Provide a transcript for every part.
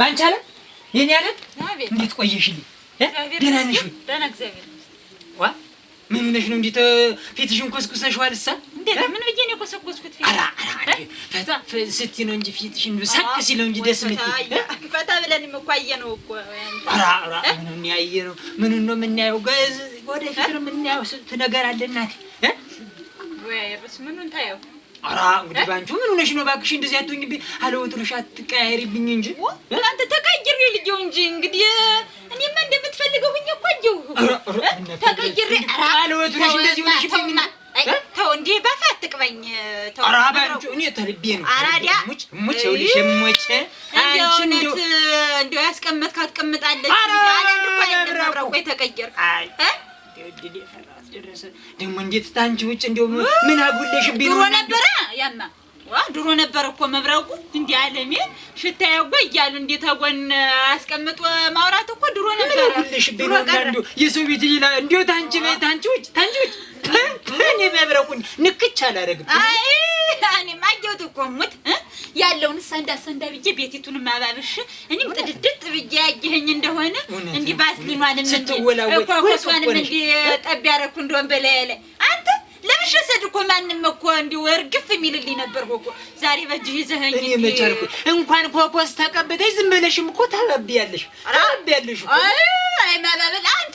በአንቺ አለ የኔ አለ እንዴት ቆየሽልኝ? ደህና ነሽ ወይ? ደህና እግዚአብሔር ዋ ምን ነሽ ነው? እንዴት ፊትሽን ኮስኩሰሽ ዋልሳ? እንዴት ምን ብዬ ነው የኮሰኮስኩት? ፊት አራ አራ ፈታ ስትይ ነው እንጂ ፊትሽን ሳቅ ሲል ነው እንጂ ደስ ምት ፈታ ብለን እኮ ነው እኮ አራ አራ ምን ያየነው ምን ነው የምናየው? ወደፊት የምናየው ስንት ነገር አለ እናቴ። ወይ ርስ ምኑን ታየው ኧረ እንግዲህ በአንቺው ምን ሆነሽ ነው እባክሽ? እንደዚህ አትሆኝብኝ አለወትርሽ አትቀያየሪብኝ እንጂ አንተ ተቀይሬ ልጄው እንጂ እንግዲህ እኔማ እንደምትፈልገው ሁኜ እኮ አየሁ። ተቀይሬ አለወትርሽ እንደዚህ ሆነሽብኝ። ተው እንዲህ በአፍ አትቅበኝ። ኧረ በአንቺ እኔ ተልቤ ነው አራዳ ሙጭ ሙጭ ይኸውልሽ ሙጭ አንቺ እንደው እንደው ያስቀመጥካት ቀምጣለች አለ እንድኳ አይ የወደደ የፈራ አስደረሰ። ደግሞ እንዴት ታንቺ ውጭ እንዲሁ ምን አጉለሽብኝ? ድሮ ነበረ ያማ ድሮ ነበር እኮ መብረቁ እንዲህ አለሜ ሽታ ያጎ እያሉ እንዴት ጎን አስቀምጦ ማውራት እኮ ድሮ ነበር። ድሮ ቀረ የሰው ቤት ይላል እንዲሁ ታንቺ ቤት ታንቺ ውጭ ታንቺ ውጭ ምን መብረቁን ንክች አላደርግም። አይ እኔማ አየሁት እኮ ሙት እ ያለውን ሰንዳ ሰንዳ ብዬ ቤቲቱን ማባብሽ እኔም ጥድድት ብዬ ያየኸኝ እንደሆነ እንዲህ ባስሊኗንም ኮኮሷንም እንዲህ ጠብ ያረኩ እንደሆን በላይ ላይ አንተ ለምሸሰድ እኮ ማንም እኮ እንዲሁ እርግፍ የሚልልኝ ነበር እኮ ዛሬ በእጅህ ይዘኸኝ እንኳን ኮኮስ ተቀብተሽ ዝም ብለሽም እኮ ታባቢያለሽ ታባቢያለሽ። አይ ማባበል አንተ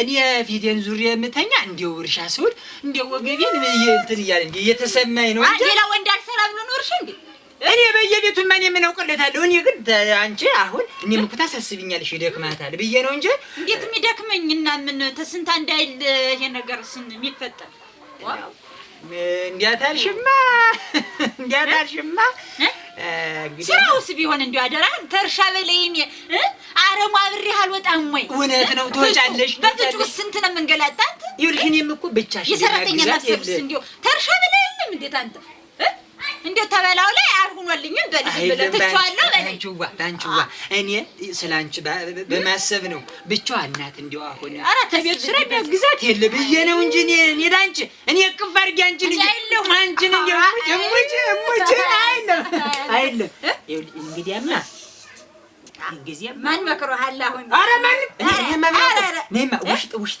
እኔ ፊቴን ዙሪ የምተኛ እንዲው እርሻ ስውል እንዲው ወገቤን እንትን እያለ እንዲ እየተሰማኝ ነው። ሌላ ወንድ አልሰራ ብሎ ነው እርሻ እኔ በየቤቱ ማን የምናውቅለታለሁ። እኔ ግን አንቺ አሁን እኔም እኮ ታሳስብኛለሽ ይደክማታል ብዬ ነው እንጂ እንዴት የሚደክመኝ እና ምን ተስንታ እንዳይል ይሄ ነገር ስን የሚፈጠር እንዲያት አልሽማ ስራውስ ቢሆን እንዲያው አደራ ተርሻ በለይን አረሙ አብሬህ አልወጣም ወይ? እውነት ነው ትወጫለሽ። በፍጭ ስንት ነው የምንገላጣት? ይኸውልሽ እኔም እኮ ብቻሽ የሰራተኛ ማሰብስ እንዲሁ ተርሻ በለይንም እንዴት አንተ እንደ ተበላው ላይ አልሆኖልኝም። በልጅ ብለህ ትቼዋለሁ በለኝ። በማሰብ ነው ብቻዋ እናት እንዲ አሁን ኧረ ተቤት ስራ የሚያግዛት የለ ብዬ ነው እንጂ እኔ እኔ እኔ እቅፍ አድርጌ አንቺ ልጅ አንቺን እሙጭ እሙጭ አይደለም አይደለም እንግዲያማ ማን መክሮሃል? አሁን ውሽጥ ውሽጥ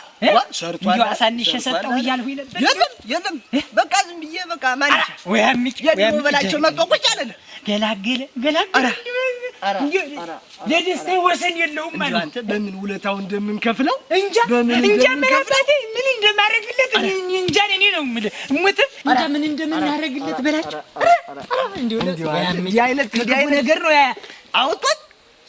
አሳንሽ የሰጠው እያልሁኝ ነበር። የለም የለም፣ በቃ ዝም ብዬ በቃ በላቸው መጥቶ ቁጭ ገላገለ ገላገለ። ለደስታ ወሰን የለውም ማለት በምን ውለታው እንደምንከፍለው እንጃ እንጃ። መራባቴ ምን እንደማደርግለት እንጃ። እኔ ነው የምልህ እሙትም እንጃ ምን እንደምናደርግለት በላቸው። እንዲሁ ነገር ነው አውጥቶት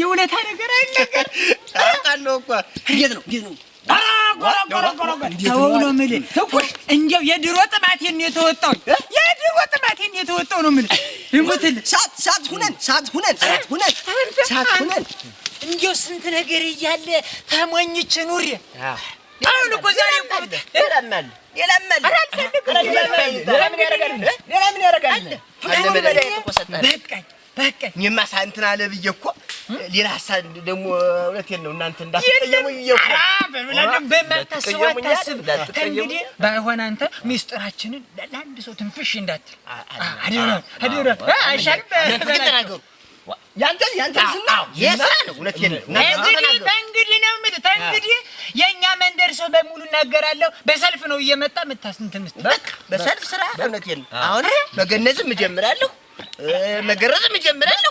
የውለታ ነገር አይነገር። እንዴት ነው እንዴት ነው? የድሮ ጥማቴን የተወጣው የድሮ ጥማቴን የተወጣው ነው የምልህ። እሙትልህ ሳት ሳት ሁነን ሳት ሁነን ሳት ሁነን ሳት ሁነን እንዲያው ስንት ነገር እያለ ተሞኝቼ ኑሬ አሁን እኮ ዛሬ እኮ ሌላ ምን አለ? ሌላ ምን ያደርጋል? ሌላ ያደርጋል? በቃኝ በቃኝ። እኔማ እንትን አለ ብዬሽ እኮ ሌላ ሀሳብ ደግሞ እውነቴን ነው። እናንተ እንዳትቀየሙኝ እንግዲህ ባይሆን አንተ ሚስጥራችንን ለአንድ ሰው ትንፍሽ እንዳትል አይሻልም? ያንተን ያንተን ዝና የስራ እውነቴን ነው። እንግዲህ ተንግዲህ ነው የምልህ የእኛ መንደር ሰው በሙሉ እናገራለሁ። በሰልፍ ነው እየመጣ የምታስንትን ምስት በቃ በሰልፍ ስራ። እውነቴን አሁን መገነዝም እጀምራለሁ፣ መገረዝም እጀምራለሁ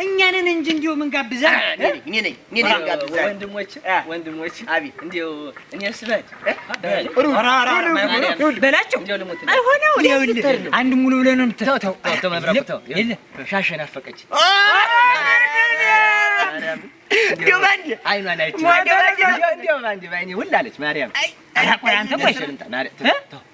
እኛንን እንጂ እንዲሁ ምን ጋብዛ እኔ ነኝ እኔ ነኝ ጋብዛ። ወንድሞች ወንድሞች፣ አቤት እንዲሁ እኔ ስበድ በላቸው አልሆነው። አንድ ሙሉ ብለህ ነው የምትተው። ሻሽ ናፈቀች ሁላለች ማርያም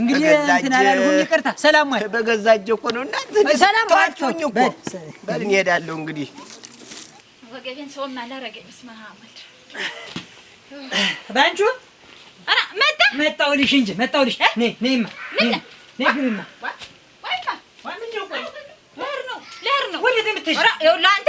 እንግዲህ እንትን አላልኩም፣ ይቅርታ። ሰላም ማለት በገዛ እጄ እኮ ነው። እናንተ ሰላም ዋልኩኝ እኮ በል እሄዳለሁ። እንግዲህ ወገቤን ሰውም አላረገኝ። ስማ ወልድ ባንቹ ኧረ መጣ መጣሁልሽ እንጂ መጣሁልሽ። ነይ ነይማ፣ ነይ ግቢማ። ወይማ ወይማ፣ ምንድን ነው? ቆይ ልሄድ ነው፣ ልሄድ ነው። ወዴት ነው የምትሄጂው? ይኸውልህ አንተ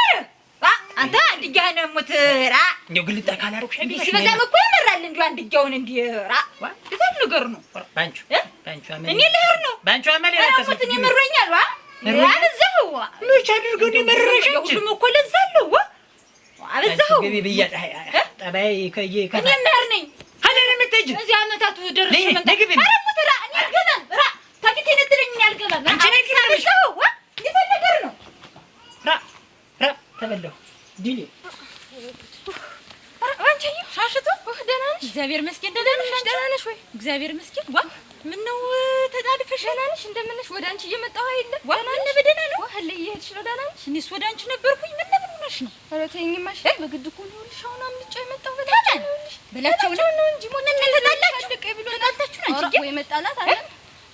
አንተ ድጋህ ነው የምትራ እንደው ግልጣ ካላደረኩሽ በዛም እኮ ይመራል። እንደው አንድያውን ራ እዛም ነገር ነው እኔ ልሄድ ነው ራቁትን ይመረኛል። አበዛኸው መች አድርገው ነው የመረረሽ እንጂ ሁሉም እኮ ለዛ አለው። አበዛኸው ግቢ ብያለሁ። ጠባይ እኔ የምሄድ ነኝ። እዚህ አመታቱ ደረሰ እግዚአብሔር ምስኪን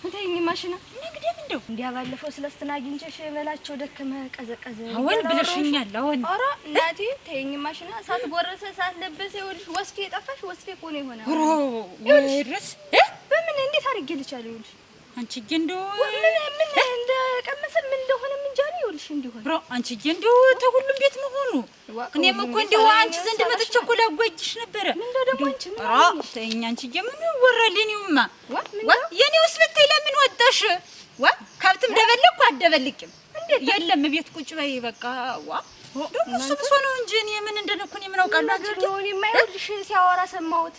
እንተኝ ማሽና ነግደም እንደው እንዲያ ባለፈው ስለስትና አግኝቼሽ በላቸው ደከመ ቀዘቀዘ አሁን ብለሽኛል። አሁን ኧረ እናቴ ተይኝ ማሽና ሳት ጎረሰ ሳት ለበሰ ይኸውልሽ ወስፌ የጠፋሽ ወስፌ እኮ ነው የሆነ ሮ ይድረስ በምን እንዴት አድርጌ ልቻለሁ ይኸውልሽ አንቺ ግን እንደው ምን ምን እንደ ቀመሰ ምን ይኸውልሽ እንዲሆን ብሮ አንቺ እንዲሁ ተሁሉም ቤት መሆኑ እኔም እኮ እንዲሁ አንቺ ዘንድ መጥቼ እኮ ላጓጅሽ ነበረ። እንደው ደግሞ አንቺ ተይኝ። አንቺ ምን ይወራል? የኔውማ የኔውስ ብታይ ለምን ወጣሽ? ከብትም ደበልኩ አደበልቅም የለም ቤት ቁጭ በይ በቃ ዋ ደግሞ እሱ ብሶ ነው እንጂ እኔ ምን እንደነኩን ምን አውቃለሁ? ይኸውልሽ ሲያወራ ሰማሁት።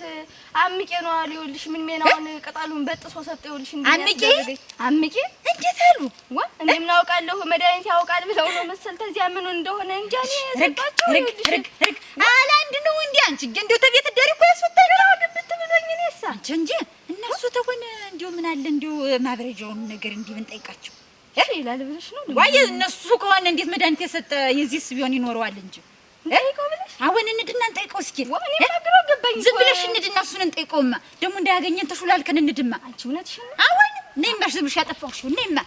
አምቄ ነው አሉ። ይኸውልሽ ምን ሜናውን ቅጠሉን በጥሶ ሰጠ። ይኸውልሽ አምቄ አምቄ እንዴት አሉ? እኔ ምን አውቃለሁ? መድኃኒት ያውቃል ብለው ነው መሰል ተዚያ ምኑ እንደሆነ እንጃ። አንድ ነው እንዴ አንቺ እንደው ተቤት ደሪ እኮ ያስወጣኝ ግብት ብሎኝ እኔ እሳ እንጂ እነሱ ተሆነ እንደው ምን አለ እንደው ማብረጃውን ነገር እንዲህ ብንጠይቃቸው ይላል ብለሽ ነው ወይ? እነሱ ከሆነ እንዴት መድኃኒት የሰጠ የዚህስ ቢሆን ይኖረዋል እንጂ አሁን እንድና እንጠይቀው እስኪ። ዝም ብለሽ እንድና እሱን እንጠይቀውማ ደግሞ እንዳያገኘን ተሹላልከን እንድማ አሁን ነይማ ዝምብሽ ያጠፋሁሽ ነይማ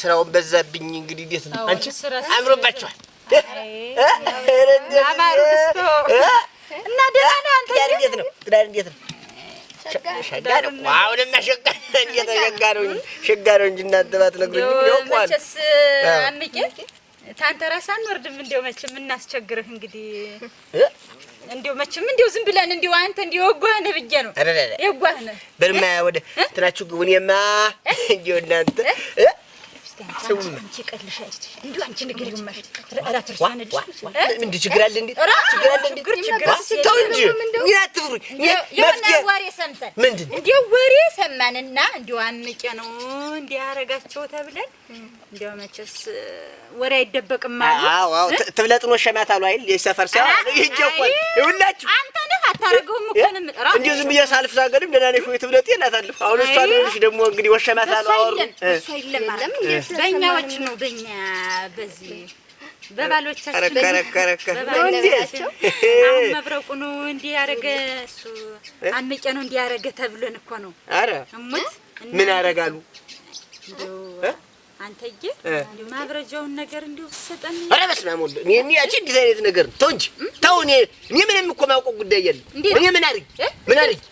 ስራውን በዛብኝ እንግዲህ እንዴት ነው አንቺ አምሮባችኋል እና ደህና ነህ አንተ እንዴት ነው እንዴት ነው አሁንማ ሸጋ እንዴት ሸጋ ነው ሸጋ ነው እንጂ እናንተ ባትነግሩኝ መቼስ አምቄ ታንተ እራስ አንወርድም። እንደው መቼም እናስቸግርህ እንግዲህ እንደው መቼም እንደው ዝም ብለን እንደው አንተ እንደው የጓህ ነህ ብዬ ነው የጓህ ነህ በልማ ወደ እንትናችሁ እኔማ እንደው እናንተ ወሬ ሰማንና እንዲያው አንቄ ነው እንዲያረጋቸው ተብለን እንዲያው መቼስ ወሬ አይደበቅም አሉ ትብለጥኖ ሸማት አሉ አይደል የሰፈር ሰው ይሄ እኮ ይኸውላችሁ አንተ ነህ አታረገውም እኮ ነው የምጠራው እንዴ ዝም ብዬ ሳልፍ ዛገድም ደህና ነሽ ወይ ትብለጤ እናታልፍ አሁን እሷ ደግሞ እንግዲህ ወሸማት አሉ አወሩ እሷ ይለማለም በእኛዎች ነው። በእኛ በዚህ በባሎቻችን አሁን መብረቁ ነው እንዲህ ያደረገ እሱ አመቄ ነው እንዲህ ያደረገ ተብለን እኮ ነው። ኧረ እሙት ምን ያደርጋሉ? አንተዬ እንደው ማብረጃውን ነገር እንደው ብትሰጠን። ኧረ በስመ አብ ወልድ እኔ ያቺ እንዲህ አይነት ነገር ተው እንጂ ተው። እኔ እኔ ምንም እኮ የማውቀው ጉዳይ የለም። እኔ ምን አድርጊ ምን አድርጊ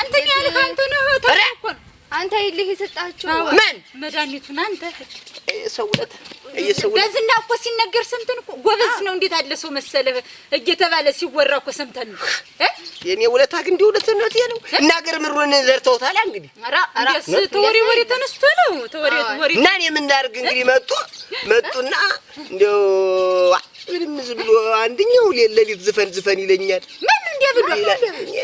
አንተን ያልክ አንተ ነህ ተው እኮ ነው አንተ ይልህ የሰጣቸው ማን መድኃኒቱን አንተ ሰውለት እየሰውለት በዝና እኮ ሲነገር ሰምተን እኮ ጎበዝ ነው። እንዴት አለ ሰው መሰለህ እየተባለ ሲወራ እኮ ሰምተን ነው። የኔ ውለታ ግን እንዲሁ ለተነት ነው እና ገር ምሩን ዘርተውታል። እንግዲህ ኧረ ተወሬ ወሬ ተነስቶ ነው ተወሬ ወሬ እና እኔ ምን ላድርግ እንግዲህ መጡ መጡና እንደው ምንም ዝም ብሎ አንደኛው ሌሊት ዝፈን ዝፈን ይለኛል። ምን እንዲያ ብሎ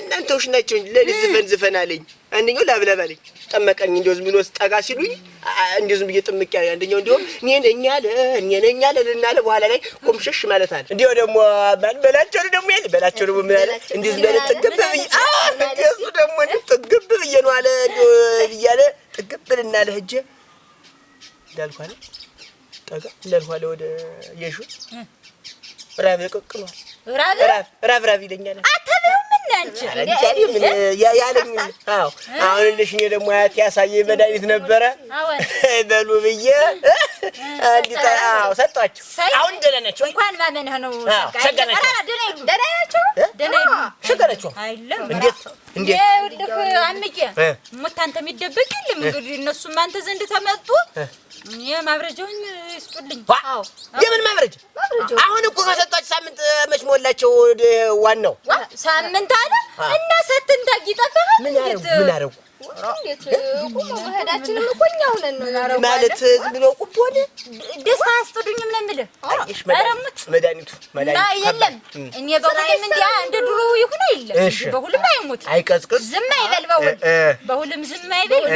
እናንተውሽ ናቸው። ሌሊት ዝፈን ዝፈን አለኝ። አንድኛው ላብላብ አለኝ ጠመቀኝ እንደው ዝም ብሎ ስጠጋ ሲሉኝ እንደው ዝም ብዬ ጥምቅ ያለ አንደኛው እንደው እኔ ነኝ አለ እኔ ነኝ አለ እና በኋላ ላይ ኮምሽሽ ማለት አለ። እንደው ደግሞ ማን በላቸው ደግሞ ይል በላቸው ደግሞ ምን አለ እንደው ዝም ብዬ ጥግብ ብዬ አዎ እንደሱ ደግሞ ጥግብ ብዬ ነው አለ እንደው እያለ ጥግብ እና አለ ሂጅ አለ ጠጋ እንዳልኩህ አለ ወደ የሹ ራብ የቀቅሏል ራብ ራብ ራብ ይለኛል። ያለኝ አሁን እልሽ እኔ ደግሞ አያት ያሳየ መድኃኒት ነበረ በሉ ብዬ ሰጧቸው። አሁን ደህና ናቸው። እንኳን ማመንህ ነው። አንተ የሚደበቅ የለም እንግዲህ እነሱም አንተ ዘንድ ተመጡ። ማብረጃውን ይስጡልኝ። የምን ማብረጃ? አሁን እኮ ከሰጧቸው ሳምንት መች ሞላቸው። ዋናው ሳምንት አለ እና ሰት እንዳጊጠፋ ምን አደረጉ? ማለት ዝም ብሎ ቁብ ሆነ ደስታ አያስጥዱኝም ነው የምልህ። መድኃኒቱ የለም እኔ በሁሉም እንዲያ እንደ ድሮ ይሁን የለም። በሁሉም አይሙት አይቀዝቅዝ፣ ዝም አይበል፣ በሁሉም ዝም አይበል።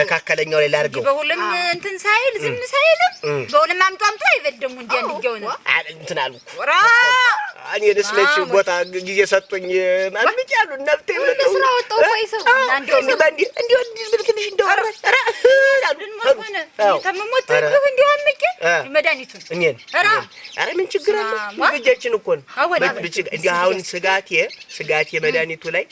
መካከለኛው ላይ ላድርገው፣ በሁሉም እንትን ሳይል ዝም ሳይልም በውንም አምጡ አምጡ አይበል ደግሞ እንዲ እንዲያው ነው እንትን አሉ እኔ ልስለች ቦታ ጊዜ ሰጡኝ ማምጭ ያሉ ነብቴ ስላወጣው ይሰው እንዲሁ ትንሽ እንደው ተመሞት እንዲሁ አምቄ መድኃኒቱን እኔን ኧረ ምን ችግር አለ ልጃችን እኮ ነው። አሁን ስጋቴ ስጋቴ መድኃኒቱ ላይ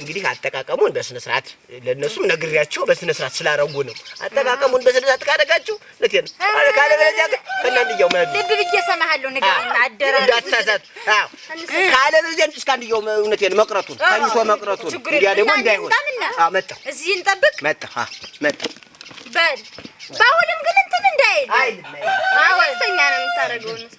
እንግዲህ አጠቃቀሙን በስነ ስርዓት ለነሱም ነግሬያቸው በስነ ስርዓት ስላረጉ ነው። አጠቃቀሙን በስነ ስርዓት ካደረጋችሁ ለቴ ነው ካለ በለዚያ ከእናንድየው ማለት ልብ ብዬ እሰማሃለሁ። ንገረኝ አደረ እንዳትሳሳት። አዎ ካለ በለዚያ እንጂ እስካንድየው መቅረቱን ታኝቶ መቅረቱን እንዲያ ደግሞ እንዳይሆን። አዎ እዚህ እንጠብቅ። መጣ አዎ በል በአሁንም ግን እንትን እንዳይል አይ አይ ነው የምታደርገው ንሳ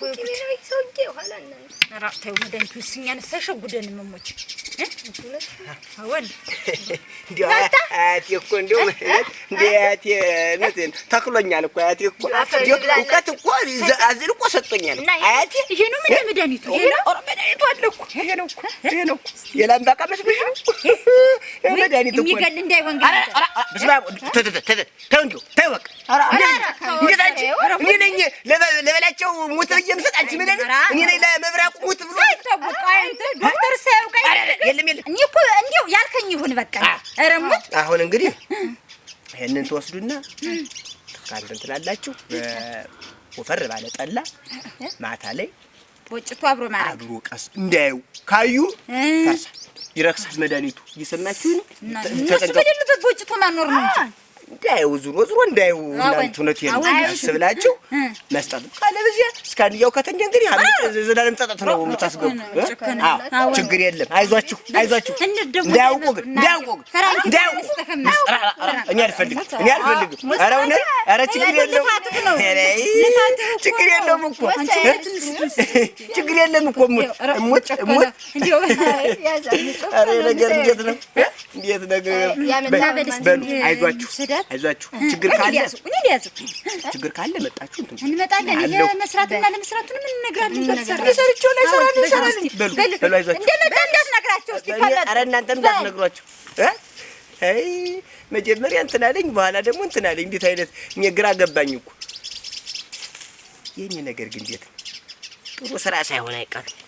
ተክሎኛል እኮ አያቴ እኮ እውቀት እኮ አዝል እኮ ሰጥቶኛል አያቴ። ይሄ ነው ምን መድኃኒቱ? ይሄ ነው መድኃኒቱ አለ እኮ ይሄ ነው እኮ ይሄ ነው እኮ የላምባ ቀመስ ብዬሽ ነው መድኃኒቱ እኮ የሚገል እንዳይሆን ግን በስመ አብ ተይው እንጂ ተይው በቃ እንዴት አንቺ እኔ ነኝ ለበላቸው ሙት ብዬ የምሰጥ አንቺ ምን እኔ ላይ ለመብራቁ ሙት ብሎ ዶክተር ሳያውቀኝ የለም የለም እኔ እኮ እንዲያው ያልከኝ ይሁን በቃ ኧረ አሁን እንግዲህ ይሄንን ትወስዱና ትካንትን ትላላችሁ ወፈር ባለ ጠላ ማታ ላይ ወጭቱ አብሮ ማለት አብሮ ቀስ እንዳዩ ካዩ ይረክሳል መድኃኒቱ እየሰማችሁ ነው እነሱ በሌሉበት ወጭቱ ማኖር ነው እንጂ እንዳየው ዙሮ ዙሮ እንዳየው እናንተ እውነቴን ነው አስብላችሁ መስጠት ካለ በዚያ ከተኛ እንግዲህ ዘላለም ጸጥታ ነው የምታስገቡ። አዎ ችግር የለም። አይዟችሁ አይዟችሁ። እንዳያውቁ ግን እንዳያውቁ ግን እንዳያውቁ እኔ አልፈልግም እኔ አልፈልግም። ኧረ እውነት ኧረ ችግር የለም ችግር የለም እኮ ችግር የለም እኮ እሙት እሙት እሙት። ኧረ ነገር እንዴት ነው እንዴት ነገር በሉ አይዟችሁ በረዳት አይዟችሁ። ችግር ካለ እኔ ሊያዙ ችግር ካለ መጣችሁ እንመጣለን። ለመስራቱን ምን ይሰራል። በሉ አይዟችሁ። እንደመጣ እንዳትነግራቸው እስኪ ኧረ እናንተም እንዳትነግሯቸው። አይ መጀመሪያ እንትን አለኝ፣ በኋላ ደግሞ እንትን አለኝ። እንዴት አይነት እኔ ግራ ገባኝ እኮ የኔ ነገር ግን እንዴት ጥሩ ስራ ሳይሆን አይቀርም።